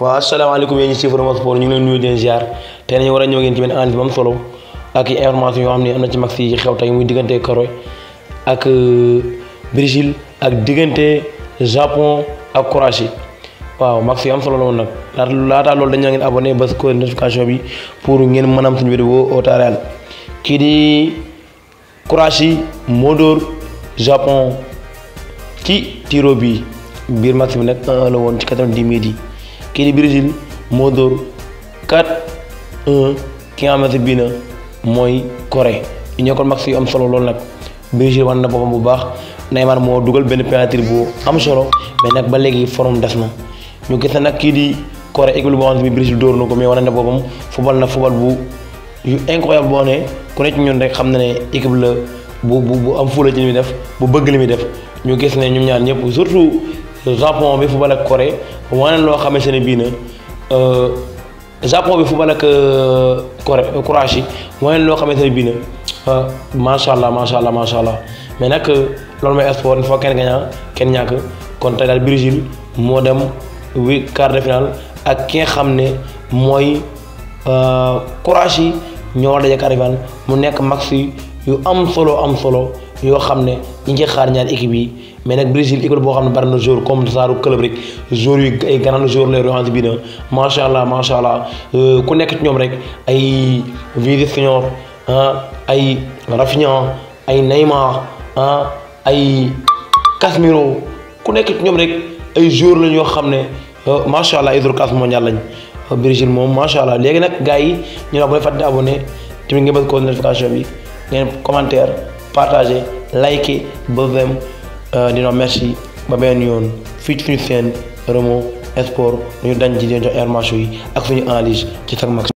waaw asalaamaaleykum yéen ñi ci Rmo Sport ñu ngi leen nuyu di ziar tey nañu war ñëw ngeen tamit analyse bu solo ak information yoo xam ne am na ci max yi xew tey muy diggante Corée ak euh, Brésil ak diggante Japon ak Croatie waaw max yi am solo la woon nag laata laataa loolu dañu ngeen abonné ba ko notification bi pour ngeen mën suñu vidéo au di Croatie moo Japon tiro bi max 1 la ci 90 minutes kii di Brésil moo dóor 4 1 ki nga xamante bii na mooy Corée ñu nekkoon max yu am solo loolu nag Brésil wan na boppam bu baax Neymar moo dugal benn penalty bu am solo mais nag ba léegi forme des ma ñu gis na nag kii di kore équipe boo xamante bi Brésil dóor ko mais wane na boppam fubal na fubal bu yu incroyable boo ne ku nekk ñun rek xam na ne équipe la bu bu bu am fuula ci li muy def bu bëgg li muy def ñu gis ne ñoom ñaar ñëpp Japon bi football ak Corée wane loo xamante ne bii na euh, Japon bi football ak euh, Corée euh, Croatie wane loo xamante ne bii na macha allah macha allah macha allah mais nag loolu mooy sport il kenn gagnant kenn ñàkk kon tey daal Brésil moo dem wi quart de ak ki nga xam ne mooy Croatie ñoo daje quart de finale mu nekk maxi yu am solo am solo yoo xam ne ñi ngi xaar ñaar équipe yi mais nag Brésil équipe boo xam ne bari na joueur comme saaru club rek joueur yu ay grand la yoo xamante bi na macha allah macha allah euh, ku nekk ci ñoom rek ay Vinicius Junior ah, ay Rafinha ay Neymar ah, ay Casemiro ku nekk ci ñoom rek ay joueur lañ yoo xam ne euh, macha allah hydro classe mondial lañ Brésil moom macha allah léegi nag gaa yi ñu ne ko bu leen fàtte abonné tamit ngeen bës ko bi. ngeen commentaire partager liker ba vem euh, dina merci ba benn yoon fii fi suñu seen Remo Sport ñu dañ ci di jox yi ak suñu analyse ci chaque match